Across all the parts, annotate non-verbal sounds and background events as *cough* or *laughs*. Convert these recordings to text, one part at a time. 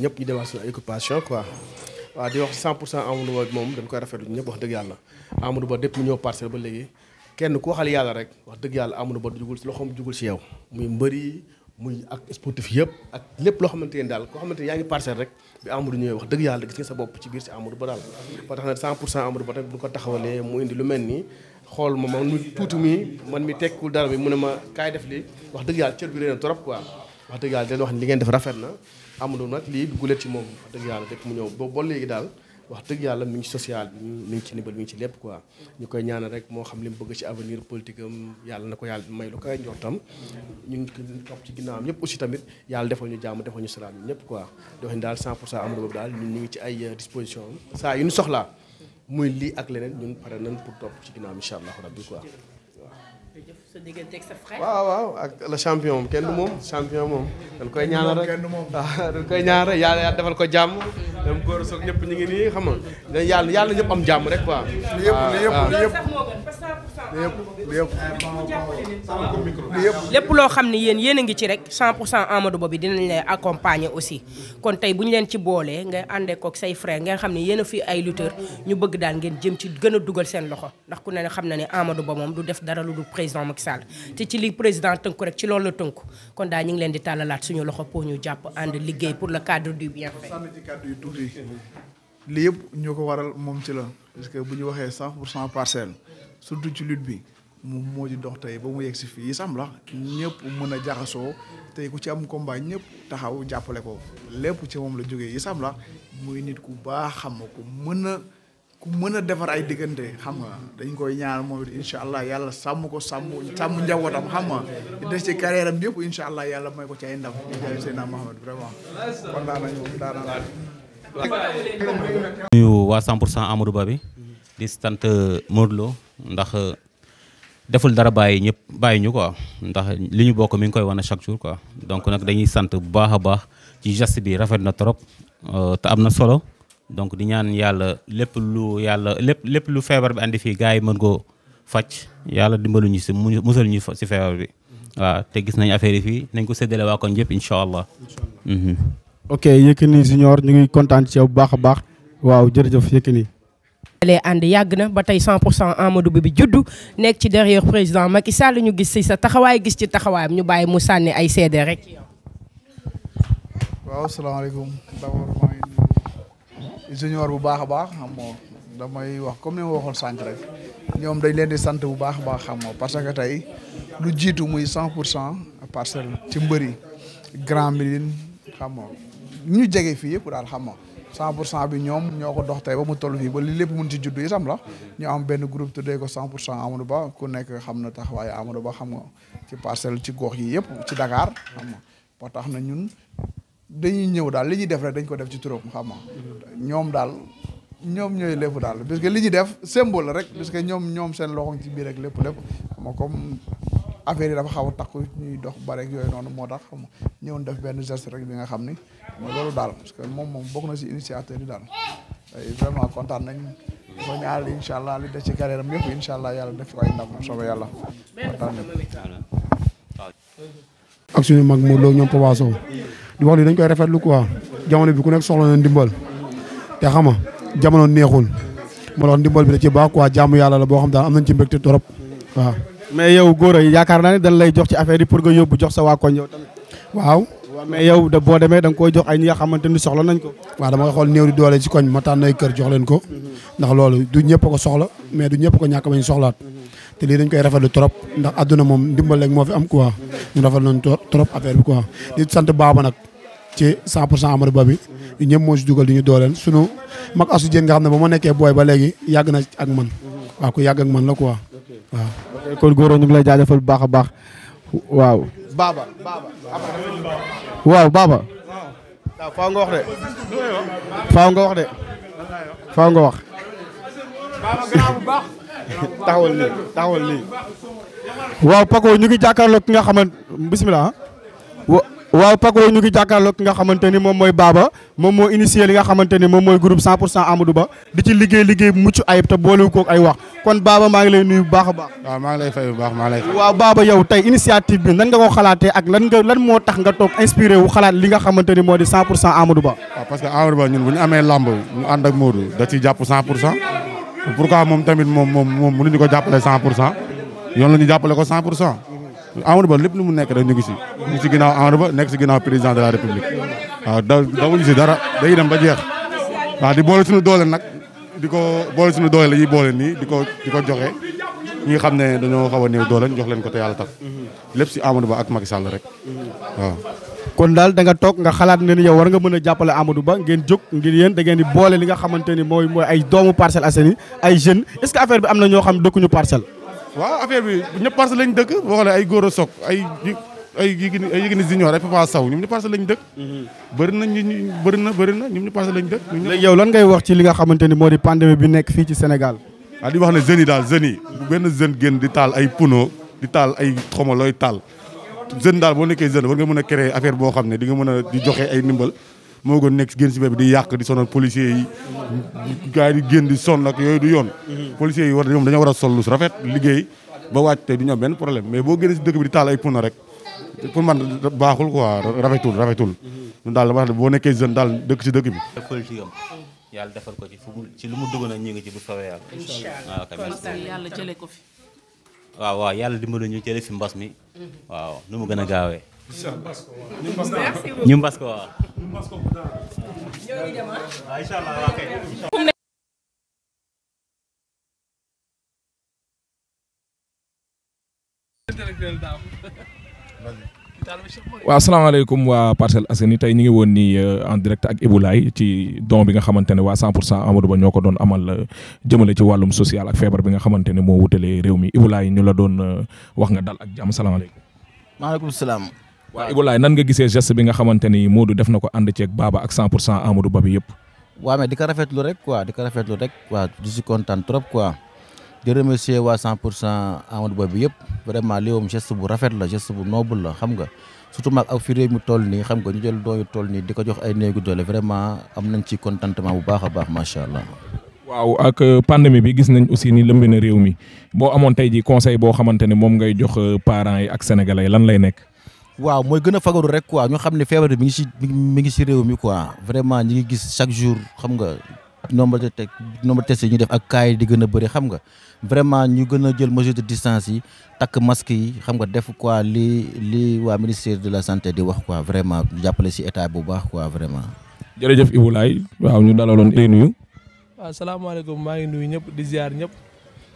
ñëpp ñu demaat suñu occupation quoi waaw di wax 100 Ba moom dañ koy rafetlu ñëpp wax dëgg yàlla Amadou Ba depuis mu ñëw parcelle ba léegi kenn yàlla rek wax dëgg yàlla Amadou Ba jugul si loxoom jugul si yow muy mbëri muy ak sportif yëpp ak lépp loo xamante ne daal koo xamante yaa ngi parcelle rek bi Amadou ñëwee wax dëgg yàlla gis nga sa bopp ci biir si Amadou Ba daal ba tax na 100 pour cent Amadou Ba tamit bu ko taxawalee mu indi lu mel nii xool ma man mi tuuti mi man mi tekkul dara bi mu ne ma kaay def li wax dëgg yàlla cër bi réena trop quoi wax dëgg yàlla dañ wax ni li rafet na Amadou nag lii guleet ci moom wax dëgg yàlla rek mu ñëw ba ba léegi daal wax dëgg yàlla mi ngi social bi ngi ci nibal mi ngi ci lépp quoi ñu koy ñaanal rek moo xam li mu bëgg ci avenir politique yàlla na ko yàlla may lu koy njortam ñu ngi ko topp ci ginnaawam ñëpp aussi tamit yàlla defal ñu jàmm defal ñu salaam ñun ñëpp quoi dox daal 100 pour daal ñun ñu ngi ci ay euh, disposition am saa yu ñu soxlaa muy lii ak leneen ñun pare nañ pour topp ci ginnaaw incha allahu rabbi quoi sa diggante ak waaw waaw ak la champion moom kenn du moom champion moom. dañ koy ñaanal rek kenn du moom *laughs* ah, koy ñaanal rek yàlla yàlla defal ko jàmm. dem góor soog ñëpp ñu ngi nii xam nga yàlla yàlla ñëpp am jàmm rek quoi. Ah, ah. lépp loo xam ne yéen yéen a ngi ci rek 100 pour cent Amadou Ba bi dinañ lay accompagner aussi kon tey bu ñu leen ci boolee ngay àndee kook say frère nga xam ne yéen a fi ay lutteur ñu bëgg daal ngeen jëm ci gën a dugal seen loxo ndax ku ne xam na ne Amadou Ba moom du def dara lu dul président Macky Sall te ci li président tënk rek ci loolu la tënku kon daal ñu ngi leen di tàllalaat suñu loxo pour ñu jàpp ànd liggéey pour le cadre du bien fait yëpp ñoo ko waral moom ci la parce que bu ñu waxee 100 pour cent parcelle surtout ci lutte bi mu moo di dox tey ba mu yegg si fii sam la ñëpp mën a jaxasoo tey ku ci am combat ñëpp taxaw jàppale ko lépp ci moom la jógee yi sam la muy nit ku baax xam ma ku mën a ku mën a defar ay diggante xam nga dañ koy ñaan moom it incha allah yàlla sàmm ko sàmm sàmm njabootam xam nga des ci carrière am yëpp incha allah yàlla mooy ko ci ay ndam jaay Seydina Mohamed vraiment kontaan nañu daana la nuyu waa 100 pour cent Amadou Ba bi di sant Modou Lo ndax deful dara bàyyi ñëpp bàyyi ñu quoi ndax li ñu bokk mi ngi koy wane chaque jour quoi donc nag dañuy sant bu baax a baax ci geste bi rafet na trop euh, te am na solo donc di ñaan yàlla lépp lu yàlla lépp lépp lu feebar bi andi fii gars yi mën koo faj yàlla dimbaluñu si mu musal ñu si feebar bi waaw te gis nañ affaire yi fii nañ ko séddale waa koñ yëpp incha allah. Mhm. ok Yékini Junior ñu ngi ci yow bu baax a baax waaw jërëjëf Yékini lee yàgg na ba tey 100 cent Amadou Ba bi juddu nekk ci derrière président Macky Sall ñu gis si sa taxawaay gis ci taxawaayam ñu bàyyi mu sànni ay seede rek. waaw salaamaaleykum d'abord mooy junior bu baax a baax xam wax comme ni ma waxoon sànq rek ñoom dañ leen di sant bu baax baax xam nga parce que tey lu jiitu muy 100 pour cent parcelle ci mbëri Grand Médine xam ñu jege fii yëpp daal xam nga cent pour cent bi ñoom ñoo ko dox tey ba mu toll fii ba lii lépp mun ci juddu itam la ñu am benn groupe tuddee ko cent pour cent Amadou Ba ku nekk xam na taxawaayu Amadou Ba xam nga ci parcelle ci gox yi yëpp ci Dakar xam tax na ñun dañuy ñëw daal li ñuy def rek dañ ko def ci turam xam nga ñoom daal ñoom ñooy lépp daal parce que li ñuy def symbole rek parce que ñoom ñoom seen loxo ci biir rek lépp lépp xam nga comme affaire yi dafa xaw a takku ñuy dox bare yooyu noonu moo tax ñëwoon def benn geste bi nga xam ni mooy loolu daal parce moom moom bokk kontaan nañ ko ñaanal incha li des ci carrière am yëpp incha allah yàlla def ko ay ndam soobee yàlla kontaan nañ ak suñu mag Modou Lo ñoom Papa di wax ni dañ koy rafetlu quoi jamono bi ku nekk soxla na ndimbal te xam nga jamono neexul moo tax ndimbal bi da ci baax quoi jaamu yàlla la boo xam daal am nañ ci mbégte torop waaw. mais yow a yaakaar naa ne dañ lay jox ci affaire yi pour nga yóbbu jox sa waa koñ yow waaw waaw mais yow da boo demee da nga koy jox ay ñi nga xamante ni soxla nañ ko waa dama xool néew di doole ci koñ ma tànn ay kër jox leen ko mhm. ndax loolu du ñëpp ko soxla mais du ñëpp ko ñàkk bañ soxlaat mhm. te lii dañ koy rafetlu trop ndax àdduna moom ndimbal rek moo fi am quoi mhm. ñu rafet nañ trop affaire bi quoi di sant baaba nag ci 100 pour cent bi moo si dugal di ñu dooleel sunu mag asu jën nga xam ne ba ma nekkee booy ba léegi yàgg na ak man waaw ku yàgg ak man la quoi waaw kon góoroo ñu ngi lay jaajëfal bu baax a baax waaw baaba Baba. waaw Baba. waaw faaw nga wax de. faaw nga wax de. faaw nga wax. taxawal nii taxawal nii. waaw Paco ñu ngi jàkkaarloog ki nga xamante bisimilah. Ah. waaw Paco ñu ngi jàkkaarloog ki xamante ni moom mooy Baba moom moo initié li nga xamante ni moom mooy groupe 100 pour 100 Amadou Ba di ci liggéey liggéey bu mucc ayib te boolewu koog ay wax. kon Baba maa ngi lay nuyu baax a waaw maa ngi lay fay bu baax maa ngi lay fay. waaw Baba yow tey initiative bi nan nga ko xalaatee ak lan nga lan moo tax nga toog inspiré wu xalaat li nga xamante ni moo di 100 pour cent Amadou Ba. waaw parce da ciy jàpp pour cent pourquoi moom tamit moom moom moom mënuñu ko jàppale 100 pour cent yoon la jàppale ko 100 pour cent Amadou Ba lépp lu mu nekk rek ñu ngi si. ñu ngi si ginnaaw Amadou Ba nekk si ginnaaw président de la république waaw da dawuñu si dara day dem ba jeex waaw di boole suñu doole nag di ko boole suñu doole la boole nii di ko joxe ñi xam ne dañoo xaw a néew doole leen ko te yàlla tax lépp si Ba ak Macky rek waaw. kon daal da nga toog nga xalaat ne ni yow war nga mën a jàppale Amadou Ba ngeen jóg ngir yéen da ngeen di boole li nga xamante ni mooy mooy ay doomu Parcelles Assainies ay jeunes est-ce que affaire bi am na ñoo xam dëkkuñu parcelle. waaw affaire bi ñëpp parcelle lañ dëkk boo xoolee ay góor a soog ay Yékini ay Yékini junior ay Papa Sow ñoom ñu parce lañ dëkk mhm. bëri na ñu bëri na bëri na ñoom ñu lañ dëkk yow lan ngay wax ci li nga xamante ni moo di pandémie bi nekk fii ci Sénégal waaw ah, di wax ne jeunes yi daal jeunes yi bu benn jeune génn di taal ay puno di taal ay xoma looy taal jeune daal boo nekkee jeune war nga mën a créer affaire boo xam ne di nga mën a di joxe ay ndimbal moo gën nekk génn si bi di yàq di sonal policiers yi gars yi di di sonn ak yooyu du yoon mhm. policiers yi war ñoom dañoo war sol lu rafet liggéey ba wàcc tey du ñu am boo génn si dëkk bi di taal ay rek pour man baaxul quoi rafetul rafetul. ñun daal boo nekkee jeune daal dëkk ci dëkk bi. yàlla defal ko ci fu mu ci lu mu dugg nag ñu ngi ci ah, fi. mbas mi. nu mu gën a gaawee. ñu mbas ko waaw. waaw asalaamaaleykum waa Parcelles Assainies tey ñu ngi woon nii euh, en direct ak Ibou Laye ci don bi nga xamante ne waa 100 pour 100 Amadou Ba ñoo ko doon amal euh, jëmale ci wàllum social ak feebar bi nga xamante ne moo wutalee réew mi Ibou Laye ñu la doon euh, wax nga dal ak jàmm salaamaaleykum. maaleykum salaam. waaw Ibou nan nga gisee geste bi nga xamante ni Modou def na ko ànd ceeg Baba ak 100 pour 100 Amadou Ba bi yëpp. waaw mais di ko rafetlu rek quoi di ko rafetlu rek. waa di si kontaan trop quoi. di remercier waa 100 pour cent Amadou Ba yëpp vraiment lii moom geste bu rafet la geste bu noble la xam nga surtout maag ak fi mu mi toll nii xam nga ñu jël dooyu toll nii di ko jox ay néegu doole vraiment am nañ ci contentement bu baax a baax macha allah. waaw ak euh, pandémie bi gis nañ aussi ni lëmb na réew mi boo amoon ji conseil boo xamante ne moom ngay jox euh, parent yi ak sénégalais lan lay nekk. waaw mooy gën a fagaru rek quoi ñu xam ne feebar mi ngi si mi ngi si réew mi quoi vraiment ñu ngi gis chaque jour xam nga. nombre de teg nombre de tests yi ñu def ak cas yi di gën a bëri xam nga vraiment ñu gën a jël mesure de distance yi takk masque yi xam nga def quoi li li waa ministère de la santé di wax quoi vraiment jàppale si état bu baax quoi vraiment. jërëjëf Ibou Laye waaw ñu dalaloon tey nuyu. waaw salaamaaleykum maa ngi nuyu ñëpp di ziar ñëpp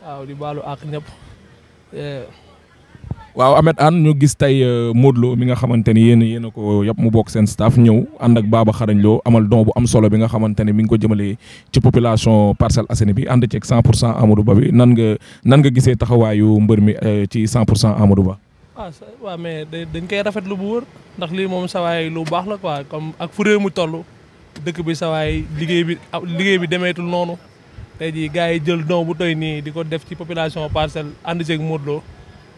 waaw di baalu àq ñëpp. Eh, waaw Ahmed Anne ñu gis tey euh, Modou Lo mi nga xamante ni yéen yéen a ko yàpp mu bokk seen staff ñëw ànd ak Baba Xarañ loo amal don bu am solo bi nga xamante ne mi ngi ko jëmale ci population Parcelles Assainies bi ànd ceeg 100 pour cent Amadou Ba bi nan nga nan gisee taxawaayu mbër mi euh, ci 100 pour cent Amadou Ba. ah waaw mais dañ koy rafetlu bu wër ndax lii moom sawaay lu baax la quoi comme ak fu mu toll dëkk bi sawaay liggéey bi ah, liggéey bi demeetul noonu tey jii gars yi jël don bu toy nii di ko def ci population Parcelles ànd ceeg Modou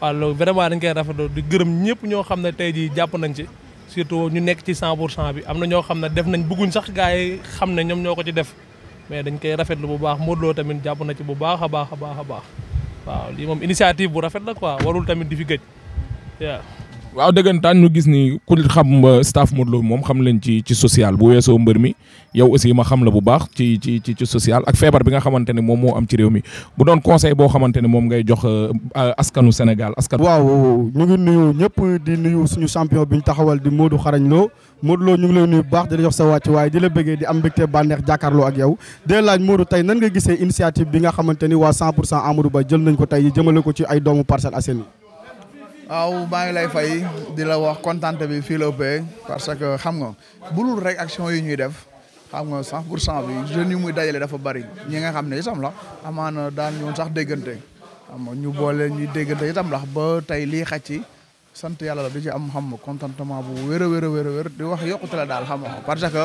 waaw loolu vraiment dañ koy rafetlu di gërëm ñëpp ñoo xam ne tey jii jàpp nañ ci surtout ñu nekk ci 100 pour cent bi am na ñoo xam ne def nañ bëgguñ sax gars yi xam ne ñoom ñoo ko ci def mais dañ koy rafetlu bu baax Modou Lo tamit jàpp na ci bu baax a baax a baax a baax waaw lii moom initiative bu rafet la ko warul tamit di fi gëj waaw waaw dëggantaan nu gis ni ku xam staff Modou Lo moom xam leen ci ci social bu weesoo mbër mi yow aussi ma xam la bu baax ci ci ci social ak feebar bi nga xamante ne moom moo am ci réew mi bu doon conseil boo xamante ne moom ngay jox euh, euh, askanu Sénégal askan. waaw ñu ngi nuyu ñëpp di nuyu suñu champion bi ñu taxawal di Modou Xarañ Lo Modou Lo ñu ngi lay nuyu bu baax di la jox sa wàcc waaye di la bëggee di am mbégte bànneex jàkkaarloo ak yow di laaj Modou tey nan nga gisee initiative bi nga xamante ni waa 100 pour cent Amadou Ba jël ko tey jëmale ko ci ay doomu Parcelles Assainies waaw maa ngi lay fay di la wax kontante bi fii la ëppee parce que xam nga bulul rek action yi ñuy def xam nga cent pour cent bi jeune yi muy dajale dafa bari ñi nga xam ne sam la amaana daan ñoon sax déggante xam nga ñu boole ñuy déggante itam la ba tey lii xaj ci sant yàlla la di ci am xam nga contentement bu wér a wér a wér a wér di wax yokkute la daal xam nga parce que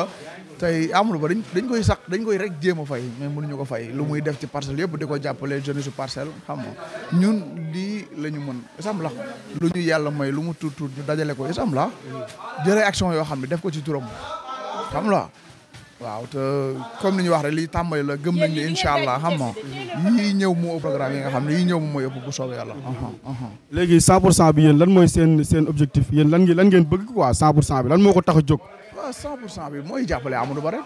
tey Amadou Ba dañ dañ koy sax dañ koy rek jéem a fay mais mënuñu ko fay lu muy def ci parcelle yëpp di ko jàppale jeunesse su parcelle xam nga ñun lii la ñu mën isam la lu ñu yàlla may lu mu tuut tuut ñu dajale ko isam la jëlee action yoo xam ne def ko ci turam xam la waaw te comme ni ñu wax rek lii tàmbali la gëm nañ ni incha allah xam nga yii ñëw moo ëpp programme yi nga xam ne yii ñëw moom mooy ëpp bu soobee yàlla. léegi 100 pour cent bi yéen lan mooy seen seen objectif yéen lan ngeen lan ngeen bëgg quoi 100 pour cent bi lan moo ko tax a jóg. waaw 100 pour cent bi mooy jàppale Amadou Ba rek.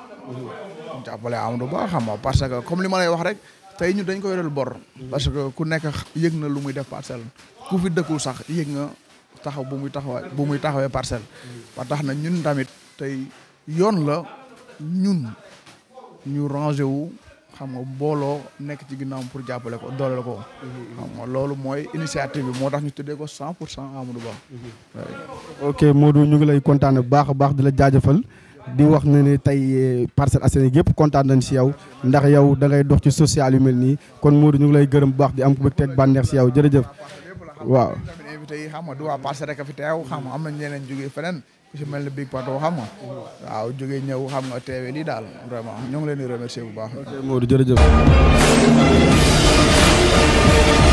jàppale Amadou Ba xam ma parce que comme li ma lay wax rek tey ñu dañ ko yoreel bor. parce que ku nekk yëg na lu muy def parcelle ku fi dëkkul sax yëg nga taxaw bu muy taxawee bu muy taxawee parcelle. ba tax na ñun tamit tey yoon la ñun ñu rangé wu xam nga mbooloo nekk ci ginnaaw pour jàppale ko dooleel ko. xam loolu mooy initiative bi moo tax ñu tëddee ko 100 pour 100 Amadou Ba. ok Modou ñu ngi lay kontaan bu baax a baax di la jaajëfal. di wax ne ne tey eh, Parcelles Assainies yëpp kontaan nañ si yow ndax yow da ngay dox ci social yu mel nii kon Modou ñu ngi lay gërëm bu baax di am ku teg bànneex si yow jërëjëf. waaw. invité yi xam nga du a fi teew xam nga am nañ ñeneen jógee feneen. si mel ne Big Pato xam nga a jógee ñëw xam nga teewe lii daal vraiment ñu ngi leen di remercier bu baax. ok Modou jërëjëf.